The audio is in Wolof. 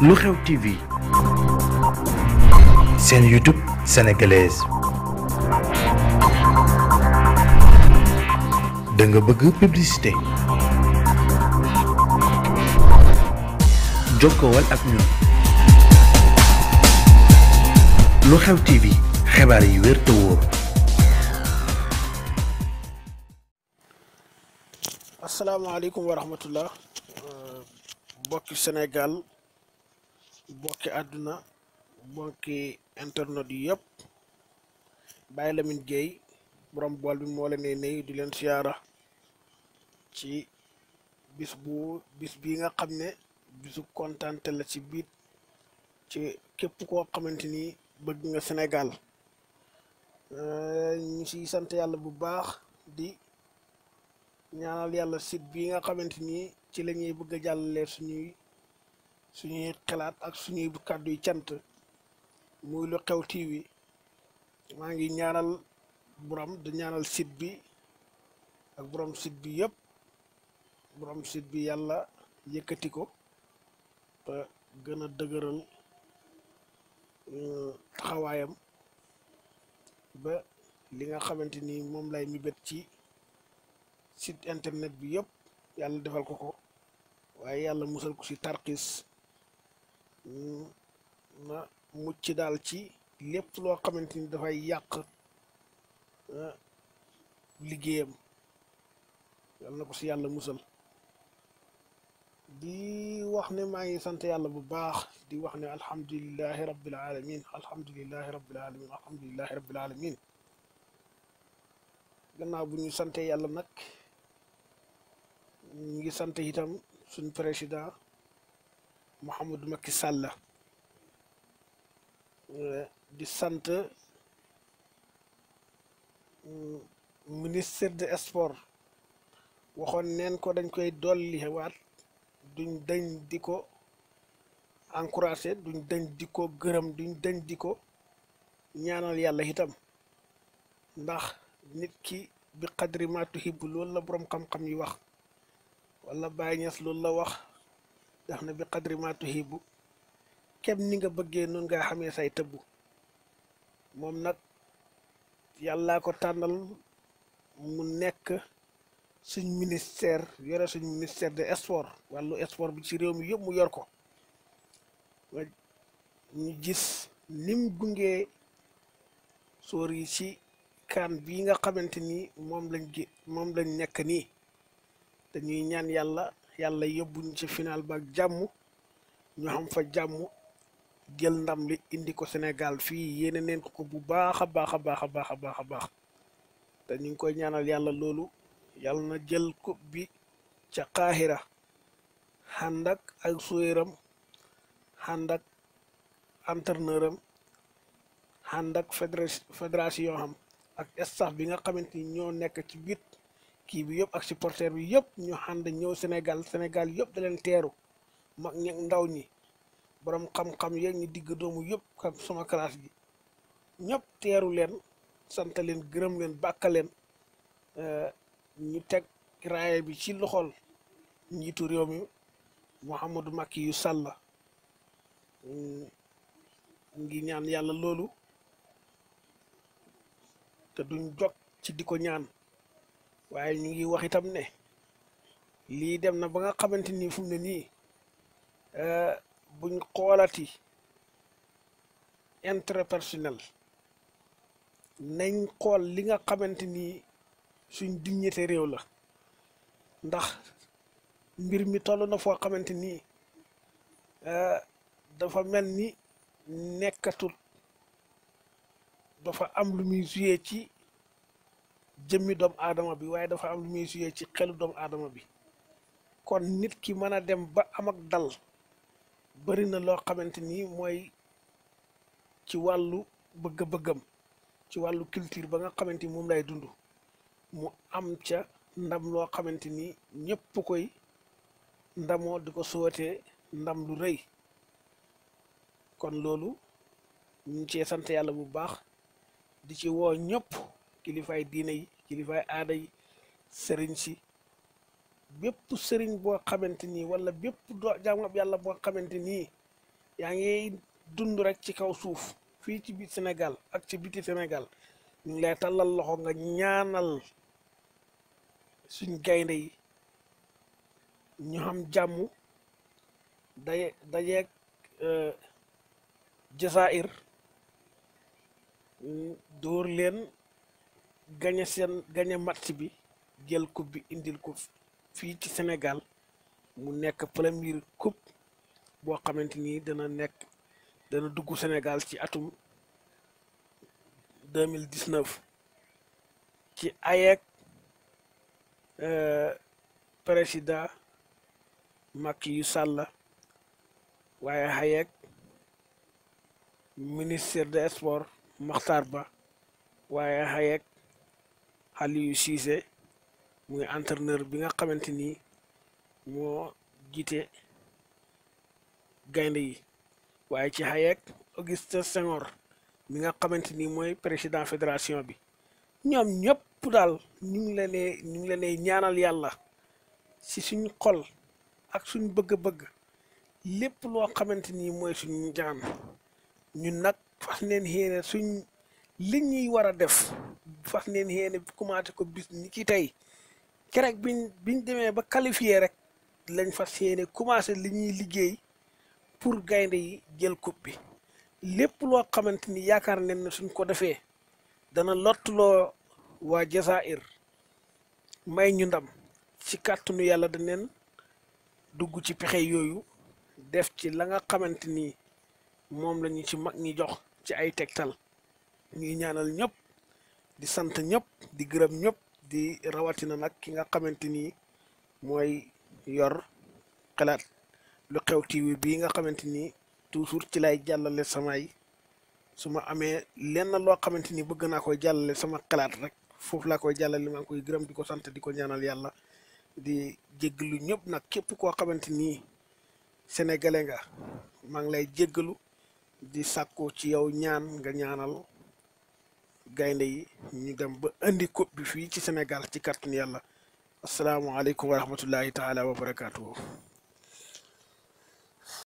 lu xew TV seen YouTube sénégalaise da nga bëgg publicité jokkowal ak ñun lu xew TV xibaar yi wér te wóor. asalaamaaleykum wa rahmatullah mbokki Sénégal. bokki àdduna bokki internet yi yëpp Baye Lamine Gueye borom bool bi moo leen ne di leen siyaara ci bis bu bis bi nga xam ne bisu kontante la ci biit ci képp koo xamante ni bëgg nga Sénégal euh, ñu siy sant yàlla bu baax di ñaanal yàlla site bi nga xamante ni ci lañuy bëgg a jàllale suñuy suñuy xalaat ak suñuy kàddu yu cant muy lu xew TV maa ngi ñaanal borom di ñaanal site bi ak borom site bi yëpp borom site bi yàlla yëkkati ko te gën a dëgëral euh, taxawaayam ba li nga xamante ni moom lay mibet ci site internet bi yëpp yàlla defal ko ko waaye yàlla musal ko ci tarkiis na mucc daal ci lépp loo xamante ni dafay yàq ah, liggéeyam yal na ko si yàlla musal di wax ne maa ngi sant yàlla bu baax di wax ne alhamdulilahi rabbil alamin alhamdulilahi rabbil alamin alhamdulilahi rabbil alamin gannaaw bu ñu sante yàlla nag ñu ngi sant itam suñ président Mouhamadou Macky Sall euh, di sant euh, ministre de sport waxoon neen ko dañ koy dolli waat duñ dañ di ko encouragé duñ dañ di ko gërëm duñ dañ di ko ñaanal yàlla itam ndax nit ki bi qadri ma tuhibbu loolu la boroom xam-xam yi wax walla Baye Niass loolu la wax ndax na bi qadri ma kem ni nga bëggee noonu ngaa xamee say tëbb moom nag yàllaa ko tànnal mu nekk suñ ministère yore suñ ministère de sport wàllu sport bi ci réew mi yëpp mu yor ko ñu gis nim gungee sóor yi ci kaan bii nga xamante ni moom lañ gi moom lañ nekk nii dañuy ñaan yàlla yàlla yóbbuñ ci final ba ak jàmm ñu xam fa jàmm jël ndam li indi ko Sénégal fii yéene neen ko bu baax a baax a baax a baax a baax a baax te ñu ngi koy ñaanal yàlla loolu yàlla na jël ko bi ca Qahira ànd ak ay suyeeram ànd ak entraîneur am ak fédération am ak staff bi nga xamante ni ñoo nekk ci biir kii bi yëpp ak si supporter bi yëpp ñu ànd ñëw Sénégal Sénégal yëpp da leen teeru mag ñeeg ndaw ñi borom xam-xam yeeg ñi digg doomu yëpp kam sama classe bi ñépp teeru leen sant leen gërëm leen bàkka leen eh, ñu teg raaya bi ci loxol njiitu réew mi Mouhamadou Macky yu Sall mm, ngi ñaan yàlla loolu te duñ jot ci di ko ñaan waaye ñu ngi wax itam ne lii dem na ba nga xamante ni fum ne nii euh, buñ xoolati intérêt personnel nañ xool li nga xamante ni suñ dignité réew la ndax mbir mi toll na foo xamante nii euh, dafa mel ni nekkatul dafa am lu muy joué ci jëmmi doomu aadama bi waaye dafa am lu muy suyee ci xelu doomu aadama bi kon nit ki mën a dem ba am ak dal bëri na loo xamante nii mooy ci wàllu bëgg-bëggam ci wàllu culture ba nga xamante ni moom lay dund mu am ca ndam loo xamante ni ñëpp koy ndamoo di ko sootee ndam lu rëy kon loolu ñu cee sant yàlla bu baax di ci woo ñëpp. kilifaay diine yi kilifaay aada yi sëriñ si bépp sëriñ boo xamante nii wala bépp doo jaamab yàlla boo xamante nii yaa ngi dund rek ci kaw suuf fii ci biir Sénégal ak ci biti Sénégal ñu ngi lay tallal loxo nga ñaanal suñ gaynde yi ñu xam jàmm daje dajeeg euh, jasaa'ir mm, leen gañe seen gañe match bi jël coupe bi indil ko fii ci senegal mu nekk première coupe boo xamante ni dana nekk dana dugg Sénégal ci atum 2019 ci ayeeg euh, président Macky yu Sall waaye ayeeg ministère des sports Makhtar Ba waaye ayeeg Aliou Cissé muy entraîneur bi nga xamante ni moo jiite gaynde yi waaye ci Hayek Auguste Senghor mi nga xamante ni mooy président fédération bi ñoom ñëpp daal ñu ngi leen ñu ngi leen ñaanal yàlla si suñ xol ak suñ bëgg-bëgg lépp loo xamante ni mooy suñu jaan ñun nag fas leen yéene suñ li ñuy war a def fas neen yéene commencé ko bis ni ki tey kerek bi biñ demee ba qualifié rek lañ fas yéene commencé li ñuy liggéey pour gaynde yi jël coupe bi lépp loo xamante ni yaakaar nen ne suñ ko defee dana lottuloo waa Jazaïr may ñu ndam ci kàttanu yàlla daneen dugg ci pexe yooyu def ci la nga xamante ni moom lañu ci mag ñi jox ci ay tegtal ñuy ñaanal ñëpp di sant ñëpp di gërëm ñëpp di rawatina nag ki nga xamante ni mooy yor xalaat lu xew TV bii nga xamante ni toujours ci lay jàllale samay su ma amee lenn loo xamante ni bëgg naa koy jàllale sama xalaat rek foofu laa koy jàllale maa koy gërëm di ko sant di ko ñaanal yàlla di jéggalu ñëpp nag képp koo xamante ni sénégalais nga maa ngi lay jéggalu di sàkkoo ci yow ñaan nga ñaanal. gaynde yi ñu dem ba indi coupe fii ci Sénégal ci kàttanu yàlla asalaamaaleykum wa rahmatullahi taala wa